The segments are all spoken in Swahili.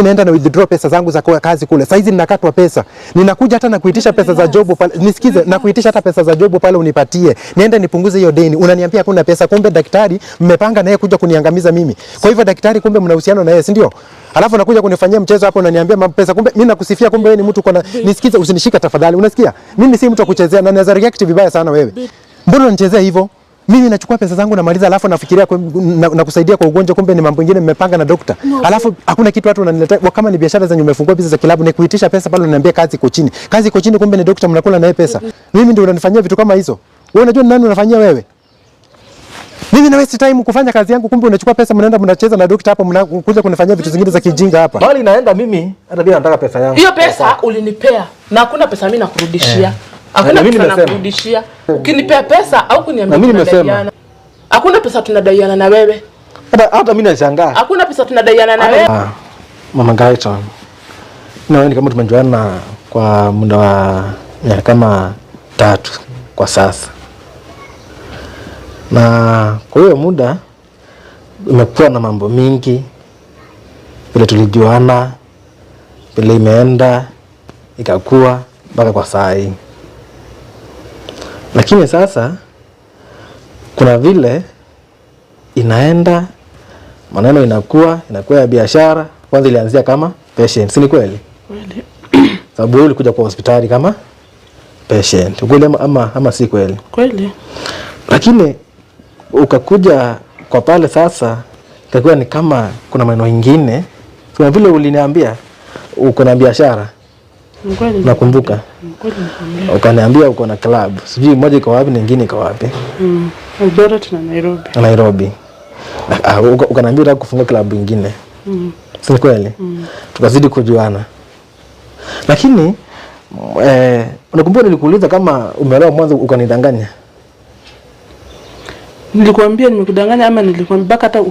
Naenda na withdraw pesa zangu za kazi kule. Saizi ninakatwa pesa, ninakuja hata na kuitisha pesa za jobu pale, nisikize, na kuitisha hata pesa za jobu pale unipatie, niende nipunguze hiyo deni, unaniambia hakuna pesa. Kumbe daktari mmepanga naye kuja kuniangamiza mimi. Kwa hivyo daktari, kumbe mna uhusiano na yeye, si ndio? Alafu nakuja kunifanyia mchezo hapo, unaniambia pesa, kumbe mimi nakusifia, kumbe wewe ni mtu kona. Nisikize, usinishika tafadhali, unasikia? Mimi si mtu wa kuchezea, na naweza react vibaya sana wewe. Mbona unanichezea hivyo? mimi nachukua pesa zangu namaliza, alafu nafikiria na, na kusaidia kwa ugonjwa, kumbe ni mambo mengine mmepanga na dokta no. Alafu hakuna kitu watu wananiletea, kama ni biashara zenye umefungua biashara za kilabu ni kuitisha pesa pale, unaniambia kazi iko chini, kazi iko chini, kumbe ni dokta mnakula naye pesa mm -hmm. Mimi ndio unanifanyia vitu kama hizo, wewe unajua nani unafanyia wewe? Mimi na waste time kufanya kazi yangu, kumbe unachukua pesa mnaenda mnacheza na dokta hapa, mnakuja kunifanyia vitu zingine za kijinga hapa. Bali naenda mimi, hata bila nataka pesa yangu. Hiyo pesa ulinipea na hakuna pesa mimi nakurudishia eh. Hakuna kitu nakurudishia. Ukinipea pesa au kuniambia tunadaiana. Hakuna pesa tunadaiana na wewe. Hata hata mimi nashangaa. Hakuna pesa tunadaiana na wewe. Ah, Mama Gaito. Na wewe kama tumejuana kwa muda wa miaka kama tatu kwa sasa. Na kwa hiyo muda imekuwa na mambo mingi vile tulijuana, vile imeenda ikakua mpaka kwa saa hii. Lakini sasa kuna vile inaenda maneno inakuwa inakuwa ya biashara. Kwanza ilianzia kama patient, si ni kweli? Sababu wewe ulikuja kwa hospitali kama patient, ukweli ama, ama si kweli? Kweli. Lakini ukakuja kwa pale sasa ikakuwa ni kama kuna maneno mengine, kuna vile uliniambia uko na biashara Nakumbuka ukaniambia uko na club, sijui moja iko wapi, nyingine iko wapi? mm. Nairobi. Ah, ah, ukaniambia unataka kufunga club nyingine mm. si kweli? mm. tukazidi kujuana, lakini eh, unakumbuka nilikuuliza kama umeolewa mwanzo, ukanidanganya Nilikwambia nimekudanganya ama nilikwambia? Mpaka hata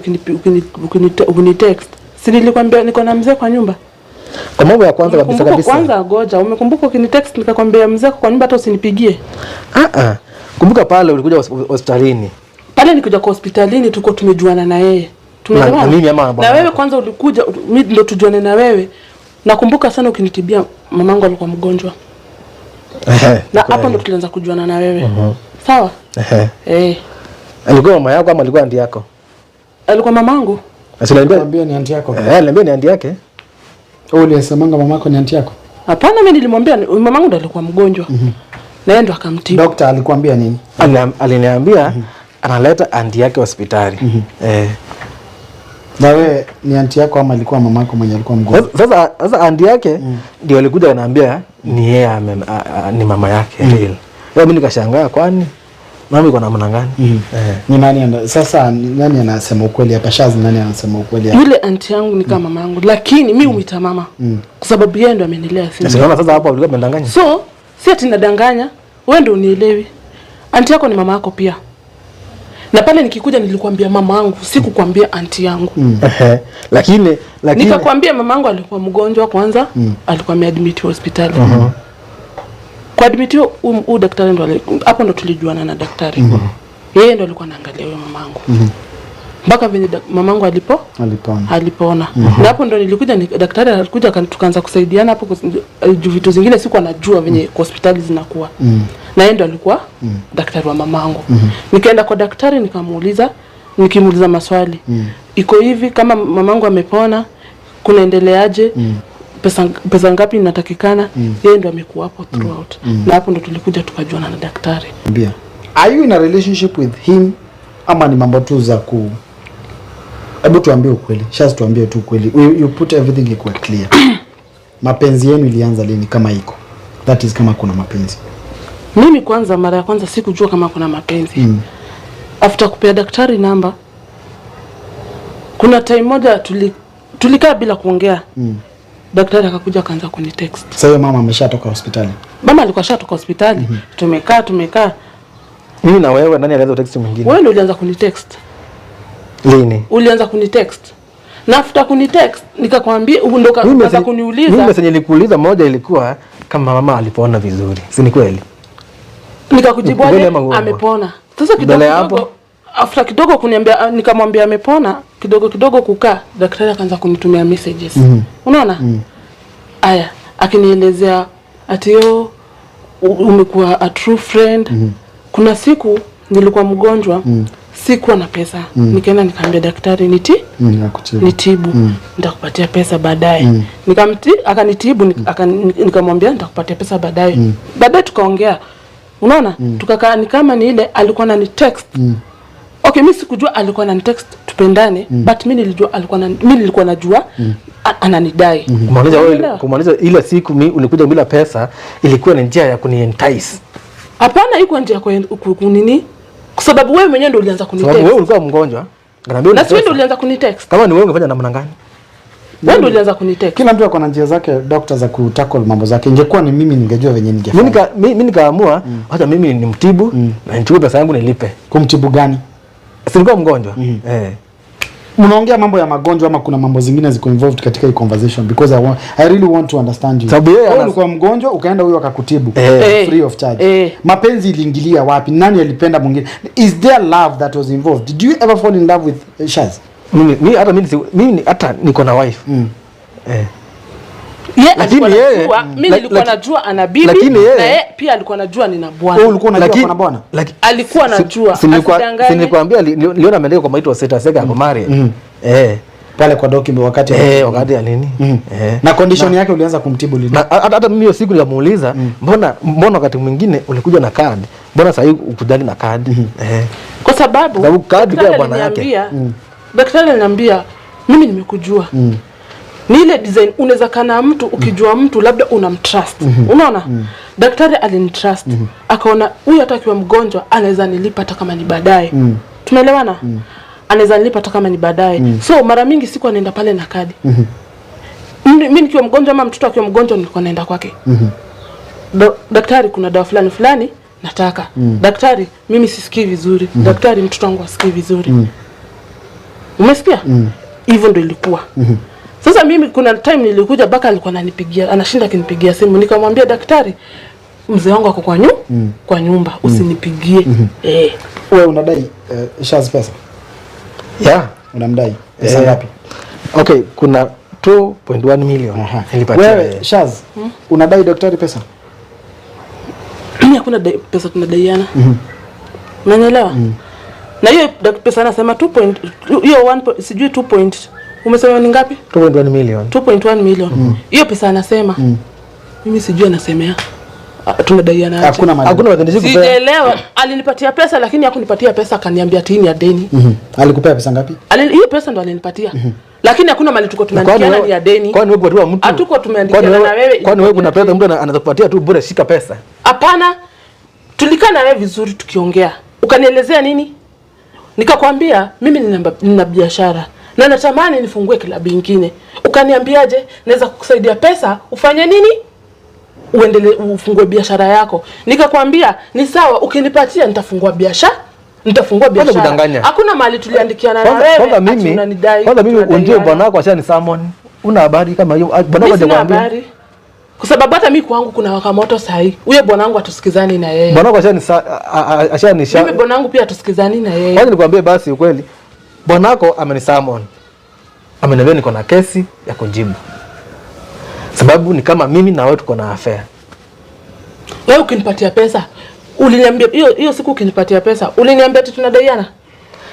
ukinitext, si nilikwambia niko na mzee kwa nyumba. Kwa mambo ya kwanza kabisa kabisa. Kwanza goja, umekumbuka text nikakwambia mzee wako kwa nini hata usinipigie? Ah ah. Kumbuka pale ulikuja hospitalini. Pale nilikuja kwa hospitalini tuko tumejuana na yeye. Tumejuana. Na mimi ama na wewe kwanza ulikuja mimi ndio tujuane na wewe. Nakumbuka sana ukinitibia mamangu alikuwa mgonjwa. Ehe. Na hapo ndo tulianza kujuana na wewe. mm Sawa? Ehe. Eh. Alikuwa mama yako ama alikuwa ndiye yako? Alikuwa mamangu. Ah, Sasa ni ndiye yako. Eh, niambia ni ndiye yake. Wewe ulisemanga mamako ni anti yako? Hapana, mimi nilimwambia mamangu ndo alikuwa mgonjwa. Mm -hmm. Na yeye ndo akamtibu. Daktari alikuambia nini? Aliniambia mm -hmm. analeta anti yake hospitali. Mm -hmm. Eh. Na wewe ni anti yako ama alikuwa mamako mwenye alikuwa mgonjwa? Sasa sasa anti yake mhm. ndio mm. alikuja ananiambia ni yeye ni mama yake. Mm. Mimi nikashangaa kwani nami kwa namna gani? mm Eh. Ni nani ana, sasa nani anasema ukweli hapa Shazi, nani anasema ukweli hapa? Yule anti yangu ni kama mm. mama yangu, lakini mimi huita mm. mama mm. kwa sababu yeye ndo amenilea sisi. Sasa sasa hapo alikuwa umedanganya? So si ati nadanganya, wewe ndo unielewi. Anti yako ni mama yako pia na pale nikikuja nilikwambia mama yangu, sikukwambia anti yangu mm. lakini, lakini... nikakwambia mama yangu alikuwa mgonjwa kwanza mm. alikuwa ameadmit hospitali mm -hmm kuadmitiwa huyu um, daktari ndo hapo ndo tulijuana na daktari mm -hmm. yeye ndo alikuwa anaangalia huyo mamangu mm -hmm. mpaka venye mamangu alipo alipona, alipona. Mm -hmm. na hapo ndo nilikuja ni, daktari alikuja tukaanza kusaidiana hapo eh, juu vitu zingine siku anajua venye mm -hmm. hospitali zinakuwa mm -hmm. na yeye ndo alikuwa mm -hmm. daktari wa mamangu mm -hmm. nikaenda kwa daktari nikamuuliza nikimuuliza maswali mm -hmm. iko hivi kama mamangu amepona kunaendeleaje? mm pesa, pesa ngapi inatakikana mm. yeye ndo amekuwa hapo mm. throughout mm. na hapo ndo tulikuja tukajuana na daktari. Mbia. Are you in a relationship with him ama ni mambo tu za ku Hebu tuambie ukweli. Shaz tuambie tu ukweli. You, put everything iko clear. mapenzi yenu ilianza lini kama iko? That is kama kuna mapenzi. Mimi kwanza mara ya kwanza sikujua kama kuna mapenzi. Mm. After kupea daktari namba kuna time moja tuli, tulikaa bila kuongea. Mm. Daktari akakuja akaanza kuni text. Sasa hiyo mama ameshatoka hospitali. Mama alikuwa ashatoka hospitali. Mm -hmm. Tumekaa tumekaa. Mimi na wewe nani alianza kutext mwingine? Wewe ndio ulianza kuni text. Lini? Ulianza kuni text. Na after kuni text nikakwambia ndio kaanza kuniuliza. Mimi mwenyewe nilikuuliza moja ilikuwa kama mama alipoona vizuri. Si ni kweli? Nikakujibu amepona. Sasa kidogo hapo after kidogo kuniambia nikamwambia amepona, kidogo kidogo kukaa, daktari akaanza kunitumia messages. Mm -hmm unaona mm. aya akinielezea ati yo umekuwa a true friend mm. kuna siku nilikuwa mgonjwa mm. sikuwa na pesa mm. nikaenda nikaambia daktari niti mm, nitibu mm. nitakupatia pesa baadaye mm. nikamti akanitibu mm. nikamwambia nitakupatia pesa baadaye mm. baadaye tukaongea unaona mm. tukakaa ni kama ni ile alikuwa na ni text mm. okay mi sikujua alikuwa anani text tupendane mm. but mi nilijua alikuwa na, mi nilikuwa najua mm ananidai mm -hmm. kumaliza ile siku mimi ulikuja bila pesa, ilikuwa ni njia ya kunientice? Hapana, iko njia ya kunini, kwa sababu wewe mwenyewe ndio ulianza kunitext. Sababu wewe ulikuwa mgonjwa ngambia na sio ndio ulianza kunitext. Kama ni wewe ungefanya namna gani? Wewe ndio ulianza kunitext. Kila mtu akona njia zake doctor za kutackle mambo zake. Ingekuwa ni mimi ningejua venye ningefanya. Mimi mimi nikaamua mm. hata mimi nimtibu mm. na nichukue pesa yangu nilipe. Kumtibu gani? Si nilikuwa mgonjwa. Mm. Eh mnaongea mambo ya magonjwa ama kuna mambo zingine ziko involved katika hii conversation because I, want, I really want to understand you. Sababu yeye alikuwa mgonjwa ukaenda huyo akakutibu eh. eh, free of charge. Eh. Mapenzi iliingilia wapi? Nani alipenda mwingine? Is there love that was involved? Did you ever fall in love with Shaz? Mimi hata mimi mimi hata niko na wife. Mm. Eh. Ye alikuwa anajua mimi nilikuwa najua ana bibi na yeye pia alikuwa anajua nina bwana. Wewe oh, ulikuwa unajua kuna bwana? Alikuwa anajua. ameandika kwa wa Seta kwa mm. Eh. Pale kwa doki wakati eh wakati mm. Eh. Na condition yake ulianza kumtibu lini? Hata mimi hiyo siku nikamuuliza, mm. mbona mbona wakati mwingine ulikuja na kadi? Mbona sasa hivi ukujali na kadi? Eh. Kwa sababu sababu kwa bwana yake. Daktari aliniambia mimi nimekujua ni ile design unaweza kana mtu ukijua mtu labda unamtrust mm -hmm. Unaona mm -hmm. Daktari alinitrust mm -hmm. Akaona huyu hata akiwa mgonjwa anaweza nilipa hata kama ni baadaye mm -hmm. Tumeelewana mm -hmm. Anaweza nilipa hata kama ni baadaye mm -hmm. So mara mingi siku anaenda pale na kadi mm -hmm. Mimi nikiwa mgonjwa ama mtoto akiwa mgonjwa nilikuwa naenda kwake mm -hmm. daktari kuna dawa fulani fulani nataka mm Daktari mimi sisikii vizuri mm Daktari mtoto wangu asikii vizuri mm Umesikia hivyo mm. ndo ilikuwa mm -hmm. Sasa mimi kuna time nilikuja baka alikuwa ananipigia, anashinda akinipigia simu. Nikamwambia daktari, mzee wangu ako kwa nyu, mm. kwa nyumba, mm. usinipigie. Mm -hmm. Eh. Wewe unadai uh, eh, Shaz pesa? Yeah, unamdai. Pesa eh. ngapi? Okay, kuna 2.1 milioni. Nilipatia. Wewe Shaz, hmm? unadai daktari pesa? Mimi hakuna pesa tunadaiana. Mhm. Unanielewa? Mm. Na hiyo pesa anasema 2. hiyo 1 sijui 2. Umesema ni ngapi? 2.1 million. 2.1 million. Mm. Hiyo mm. pesa anasema. Mm. Mimi sijui anasemea. Ah, Tunadaiana aje? Hakuna madeni. Hakuna madeni siku. Sijaelewa. Alinipatia pesa lakini hakunipatia pesa akaniambia tini ya deni. Mhm. Alikupea pesa ngapi? Hiyo pesa ndo alinipatia. Mm Lakini hakuna mali tuko tumeandikiana ni ya deni. Kwani wewe kwa mtu? Hatuko tumeandikiana na wewe. Kwani wewe kuna pesa mtu anaweza kupatia tu bure shika pesa? Hapana. Tulikaa na wewe vizuri tukiongea. Ukanielezea nini? Nikakwambia mimi nina biashara na natamani nifungue klabu nyingine. Ukaniambiaje? naweza kukusaidia pesa ufanye nini? Uendele ufungue biashara yako. Nikakwambia ni sawa, ukinipatia nitafungua biashara nitafungua biashara. Hakuna mali tuliandikiana na wewe. Kwanza mimi kwanza mimi unjue bwana wako acha ni Salmon. Una habari kama hiyo? Ah, bwana wako hajakwambia. Kwa sababu hata mimi kwangu kuna wakamoto sahi. Huyo bwana wangu atusikizani na yeye. Bwana wako acha ni acha ni Mimi bwana wangu pia atusikizani na yeye. Kwanza nikwambie basi ukweli bwanako amenisamon, ameniambia niko na kesi ya kujibu, sababu ni kama mimi na wewe tuko na affair. Wewe ukinipatia pesa uliniambia hiyo hiyo siku, ukinipatia pesa uliniambia ati tunadaiana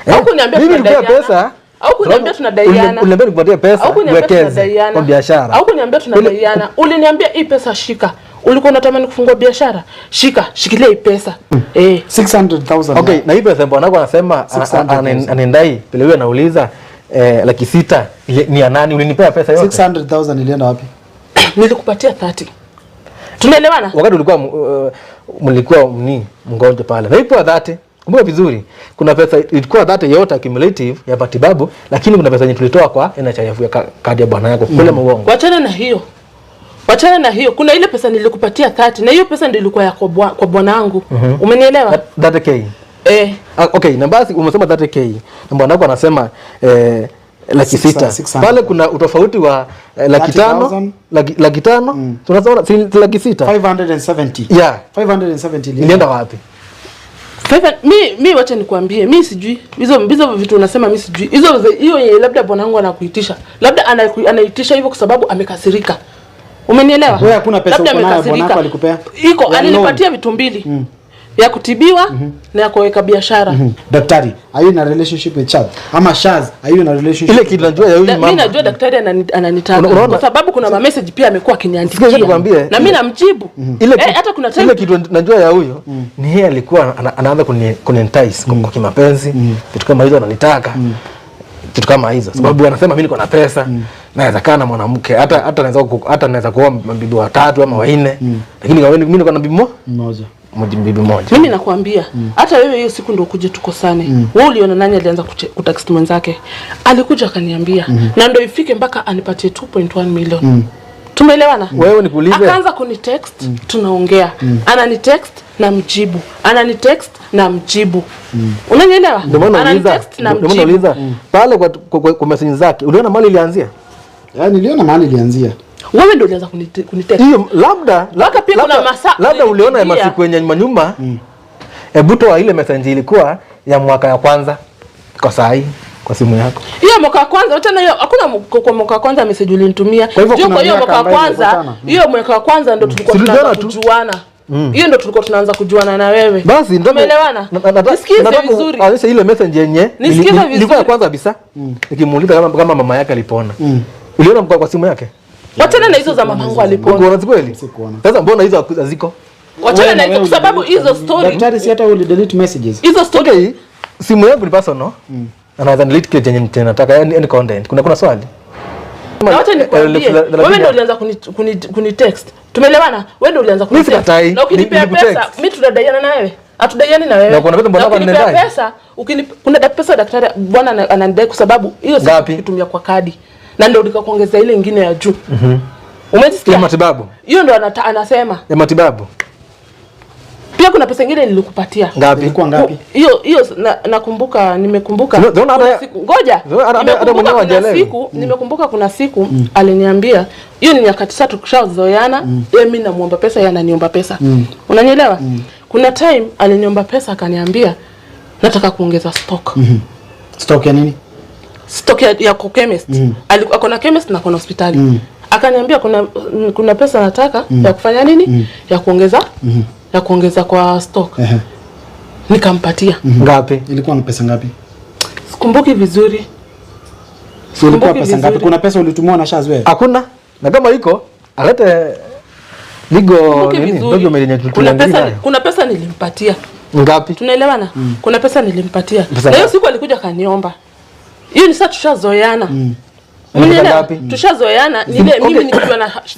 eh, au kuniambia tunadaiana pesa au kuniambia tunadaiana, uliniambia nikupatie pesa niwekeze kwa biashara, au kuniambia tunadaiana, uliniambia hii pesa shika ulikuwa unatamani kufungua biashara, shika shikilia hii pesa hmm. eh 600000 okay yeah. na hivyo sasa wanako anasema anaendai vile wewe anauliza eh, laki sita ni ya nani? Ulinipea pesa yote 600000 ilienda wapi? nilikupatia 30 tumeelewana Wakati ulikuwa uh, mlikuwa mni mgonjwa pale, naipewa 30 Kumbuka vizuri, kuna pesa ilikuwa that yote accumulative ya matibabu, lakini kuna pesa yenye tulitoa kwa NHIF ya kadi ya bwana yako kule mm. Mwongo, wachana na hiyo. Wachana na hiyo, kuna ile pesa nilikupatia 30 na hiyo pesa ndio ilikuwa ya kwa bwanangu. mm -hmm. Umenielewa? 30k. Eh. Ah, okay, na basi umesema 30k. Na bwanangu anasema eh laki sita pale kuna utofauti wa eh, laki tano laki tano mm. Tunaona si laki sita 570 yeah 570 ilienda wapi? Sasa mi mi, wacha nikwambie, mi sijui hizo hizo vitu unasema, mi sijui hizo hiyo. Labda bwanangu anakuitisha, labda anaitisha hivyo kwa sababu amekasirika Umenielewa? Wewe hakuna pesa uko nayo, bwana alikupea? Iko, alinipatia vitu mbili. Mm. Ya kutibiwa mm -hmm. na ya kuweka biashara. Mm -hmm. Daktari, are you in a relationship with Ama are you in a relationship? Ile kitu najua ya huyu mama. Mimi najua daktari ananitaka kwa sababu kuna ma message pia amekuwa akiniandikia. Na mimi namjibu. Mhm. Ile eh, hata kuna time ile kitu najua ya huyo mhm. ni yeye alikuwa anaanza kunentice kwa mhm. kimapenzi. Vitu kama hizo ananitaka. Kitu kama hizo sababu anasema mimi niko na pesa. Mm naweza kaa na mwanamke hata hata naweza hata naweza kuoa mabibi watatu ama wanne mm. lakini mimi niko na bibi mmoja bibi mmoja. Mimi nakwambia mm. hata mm. wewe hiyo siku ndio ukuje tukosane. Mm. Wewe uliona nani alianza kutext mwenzake? Alikuja akaniambia mm. na ndio ifike mpaka anipatie 2.1 milioni. Mm. Tumeelewana? Mm. Wewe nikuulize. Akaanza kunitext mm. tunaongea. Mm. Ananitext na mjibu. Ananitext na mjibu. Mm. Unanielewa? Ananitext na mjibu. Mm. Pale kwa, kwa, kwa, kwa message zake uliona mali ilianzia? Eh, niliona mahali ilianzia. Wewe ndio ulianza kuniteka. Hiyo labda labda pia kuna masaa. Labda uliona masiku yenye nyuma nyuma. Mm. Hebu eh, toa ile message ilikuwa ya mwaka ya kwanza kwa saa hii kwa simu yako. Hiyo mwaka wa kwanza tena hiyo hakuna kwa mwaka wa kwanza message ulinitumia. Kwa hiyo kwa hiyo mwaka wa kwanza, mm. hiyo mwaka wa kwanza ndio mm. tulikuwa tunaanza kujuana. Mm. Hiyo ndio tulikuwa tunaanza kujuana na wewe. Basi ndio umeelewana. Nisikize vizuri. Ile message yenye vizuri. ilikuwa ya kwanza kabisa. Nikimuuliza kama mama yake alipona. Mm. Uliona mko kwa simu yake? Wachana na hizo za mamangu alipoona. Unaona kweli? Sasa mbona hizo haziko? Wachana na hizo kwa sababu hizo story. Daktari si hata uli delete messages. Hizo story. Okay. Simu yangu ni personal. No? Mm. Anaweza delete kile chenye mtu anataka, yani any yaani content. Kuna kuna swali. Na wacha eh, nikwambie, wewe ndio ulianza kuni kuni text. Tumeelewana? Wewe ndio ulianza kuni kunitext. Na ukinipea pesa, mimi tunadaiana na wewe. Atudaiani na wewe. Na kuna pesa mbona unanidai? Pesa, kuna pesa daktari bwana ananidai kwa sababu hiyo siku kitumia kwa kadi na ndio nikakuongeza ile ingine ya juu. Mhm. Umejisikia? Ya matibabu. Hiyo ndio anasema. Ya matibabu. Pia kuna pesa nyingine nilikupatia. Ngapi? Ilikuwa ngapi? Hiyo hiyo nakumbuka na nimekumbuka. No, kuna siku ngoja. Hata mwenyewe hajaelewa. Siku mm. nimekumbuka kuna siku mm. aliniambia hiyo ni nyakati sasa tukishazoeana, mm. yeye mimi namuomba pesa, yeye ananiomba pesa. Mm. Unanielewa? Mm. Kuna time aliniomba pesa akaniambia nataka kuongeza stock. Mhm. Mm stock ya nini? stock ya, ya kwa chemist mm. alikuwa akona chemist na kuna hospitali mm. akaniambia kuna kuna pesa nataka mm. ya kufanya nini mm. ya kuongeza mm. ya kuongeza kwa stock uh -huh. nikampatia mm -hmm. ngapi ilikuwa ni pesa ngapi? sikumbuki vizuri. So, ilikuwa pesa vizuri. ngapi? kuna pesa ulitumwa na Shazwe? Hakuna, na kama iko alete ligo nini document. Kuna pesa, kuna pesa nilimpatia ngapi? Tunaelewana? mm. kuna pesa nilimpatia, leo siku alikuja kaniomba hiyo ni sasa tushazoeana mm. mm. Tushazoeana ni ile mimi nikiwa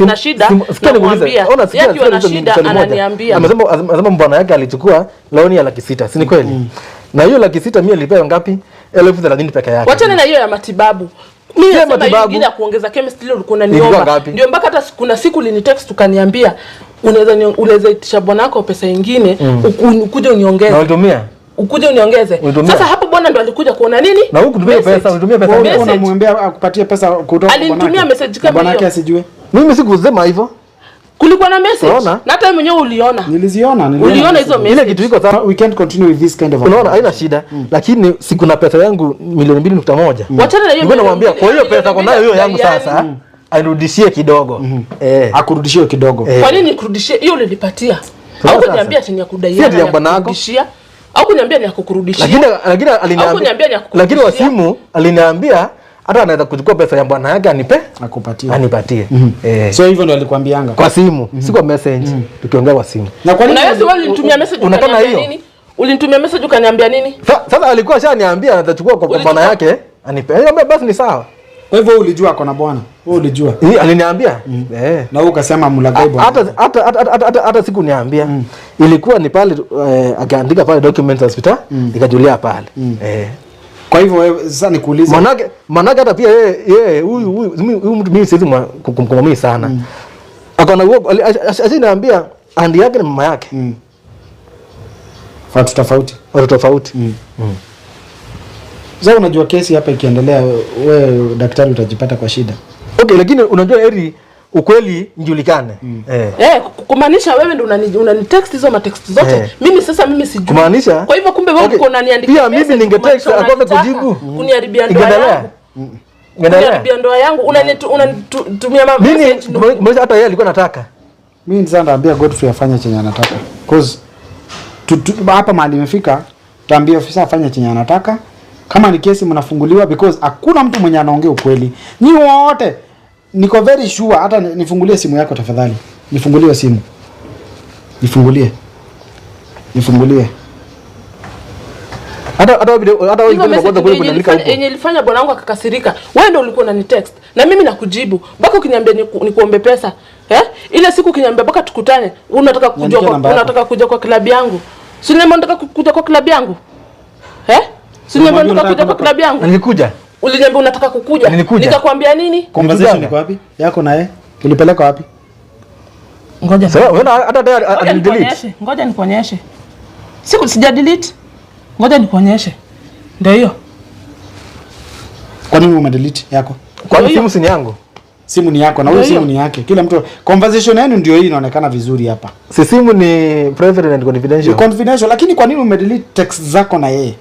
na shida namwambia, akiwa na shida ananiambia. Amesema mbwana yake alichukua loan ya laki sita, si ni kweli? Mm. Na hiyo laki sita mimi nilipewa ngapi? elfu thelathini peke yake. Wachana na hiyo ya matibabu. Mimi nasema matibabu ya kuongeza chemistry ile ulikuwa unaniomba. Ndio mpaka hata kuna siku ulinitext ukaniambia unaweza unaweza itisha bwana bwanako pesa nyingine mm. ukuje uniongeze. Na ulitumia? ukuje uniongeze. Sasa hapo bwana ndo alikuja kuona nini? Na huku tumia pesa, unitumia pesa. Wewe unamwambia akupatie pesa kutoka bwana. Alinitumia message kama hiyo. Bwana yake asijue. Mimi sikusema hivyo. Kulikuwa na message. Na hata wewe mwenyewe uliona. Niliziona, niliona. Uliona hizo message. Ile kitu iko sawa. We can't continue with this kind of. Unaona haina shida, mm. Lakini siku na pesa yangu milioni 2.1. Mm. Wachana na hiyo. Mimi nakwambia, kwa hiyo pesa kwa nayo hiyo yangu sasa. Mm. Arudishie kidogo. Mm-hmm. Eh. Akurudishie kidogo. Eh. Kwa nini kurudishie? Hiyo ulinipatia. Haukuniambia tena kudai. Sio ya bwana yako au kuniambia ni akukurudishia. Lakini lakini aliniambia lakini Wasimu aliniambia hata anaweza kuchukua pesa ya bwana yake anipe akupatie anipatie. mm -hmm. Eh, so hivyo ndio alikwambianga kwa simu mm -hmm. si kwa message mm -hmm. tukiongea kwa simu. Na kwa nini wewe ulinitumia message unakana hiyo? Ulinitumia message ukaniambia nini? Sasa alikuwa shaniambia anatachukua kwa bwana yake anipe. Anambia basi ni sawa. Kwa hivyo ulijua kona na bwana? Wewe ulijua? Hii aliniambia. Mm. Eh. Na wewe ukasema mlagai bwana. Hata hata hata hata, hata sikuniambia. Mm. Ilikuwa ni pale eh, akaandika pale documents hospital mm. nikajulia pale. Mm. Eh. Kwa hivyo wewe sasa nikuulize. Manake manake hata pia yeye yeye huyu huyu mtu mimi siwezi kumkomamii sana. Mm. Akaona huo asiniambia andi yake na mama yake. Mm. Watu tofauti. Watu tofauti. Mm. Mm. Sasa unajua kesi hapa ikiendelea, we daktari utajipata kwa shida. Okay, lakini unajua heri ukweli njulikane. Mm. Eh. Eh, kumaanisha wewe ndio unani unani text hizo ma text zote. Eh. Mimi sasa mimi sijui. Kumaanisha? Kwa hivyo kumbe wewe okay, uko unaniandikia. Pia mimi ninge text akose kujibu. Kuniharibia ndoa yangu. Mm. Kuniharibia ndoa yangu. Unanitumia mm. mama message. Mimi hata yeye alikuwa anataka. Mimi sasa naambia Godfrey afanye chenye anataka. Cause tu, hapa mahali imefika, taambia ofisa afanye chenye anataka. Kama ni kesi mnafunguliwa because hakuna mtu mwenye anaongea ukweli. ni wote niko very sure hata nifungulie simu yako tafadhali. Nifungulie simu. Nifungulie. Nifungulie. Hata hata hata Yenye ilifanya bwana akakasirika. Wewe ndio ulikuwa unanitext na mimi nakujibu. Mpaka ukiniambia nikuombe ni pesa. Eh? Ile siku ukiniambia mpaka tukutane. Unataka kuja kwa unataka kuja kwa klabu yangu. Si unataka kuja kwa klabu yangu? Eh? Kwa klabu yangu nilikuja, uliniambia unataka kukuja, nikakwambia nini? Conversation iko wapi yako naye? Ulipeleka wapi? Ngoja ngoja nikuonyeshe. Siku sija delete. Ngoja nikuonyeshe. Ndio hiyo. Kwa nini umedelete yako? Kwa nini simu si yangu? Simu ni yako na huyo simu ni yake. Kila mtu conversation yenu ndio hii inaonekana vizuri hapa. Si simu ni private and confidential. Ni confidential lakini kwa nini umedelete text zako na yeye?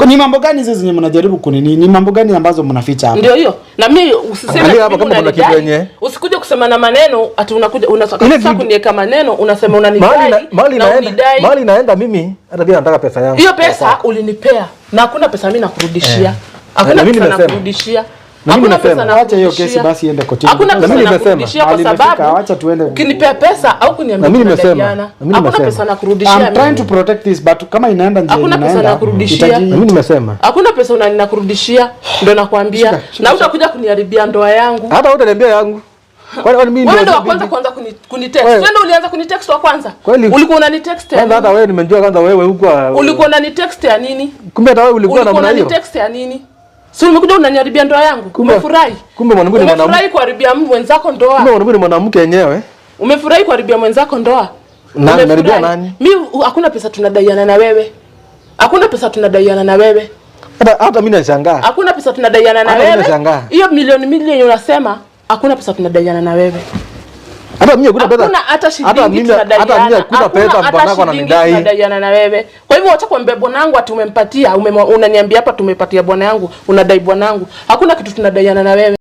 Kwa ni mambo gani hizo zenye mnajaribu kunini? Ni mambo gani ambazo mnaficha hapa? Ndio hiyo. Na mimi usiseme hapa kama kuna kitu yenye. Usikuje kusema na maneno ati unakuja unataka kuniweka maneno unasema unanidai. Mali na, naenda. Mali naenda mimi hata bila nataka pesa yangu. Hiyo pesa ulinipea na hakuna pesa mimi nakurudishia. Eh. Hakuna eh, pesa nakurudishia. Na mimi nasema Acha hiyo kesi basi iende kotini. Na mimi nimesema alinifika acha tuende. Ukinipea pesa au kuniambia nimesema. Hakuna pesa nakurudishia. I'm trying to protect this but kama inaenda nje inaenda. Hakuna pesa nakurudishia. Mimi nimesema. Hakuna pesa unaninakurudishia ndio nakwambia. Na utakuja kuniharibia ndoa yangu. Hata utaniambia yangu. Kwani wewe mimi ndio wewe ndio kwanza kwanza kunitext. Wewe ndio ulianza kunitext wa kwanza. Ulikuwa unanitext. Kwanza hata wewe nimejua kwanza wewe huko. Ulikuwa unanitext ya nini? Kumbe hata wewe ulikuwa na maana hiyo. Ulikuwa unanitext ya nini? Si umekuja unaniharibia ndoa yangu? umefurahi? Kumbe mwanamke ni mwanamke. Umefurahi kuharibia mwenzako ndoa? Kumbe mwanamke ni mwanamke yenyewe. Umefurahi kuharibia mwenzako ndoa? Na nimeharibia nani? Mimi hakuna pesa tunadaiana na wewe. Hakuna pesa tunadaiana na wewe. Hata hata mimi nashangaa. Hakuna pesa tunadaiana na wewe. Hiyo milioni milioni unasema hakuna pesa tunadaiana na wewe hata mimi hakuna pesa, hata shilingi tunadaiana, hata mimi hakuna pesa, mbanako ananidai tunadaiana na wewe. Kwa hivyo acha kuambia bwana yangu ati umempatia, unaniambia hapa tumepatia bwana yangu, unadai bwana yangu, hakuna kitu tunadaiana na wewe.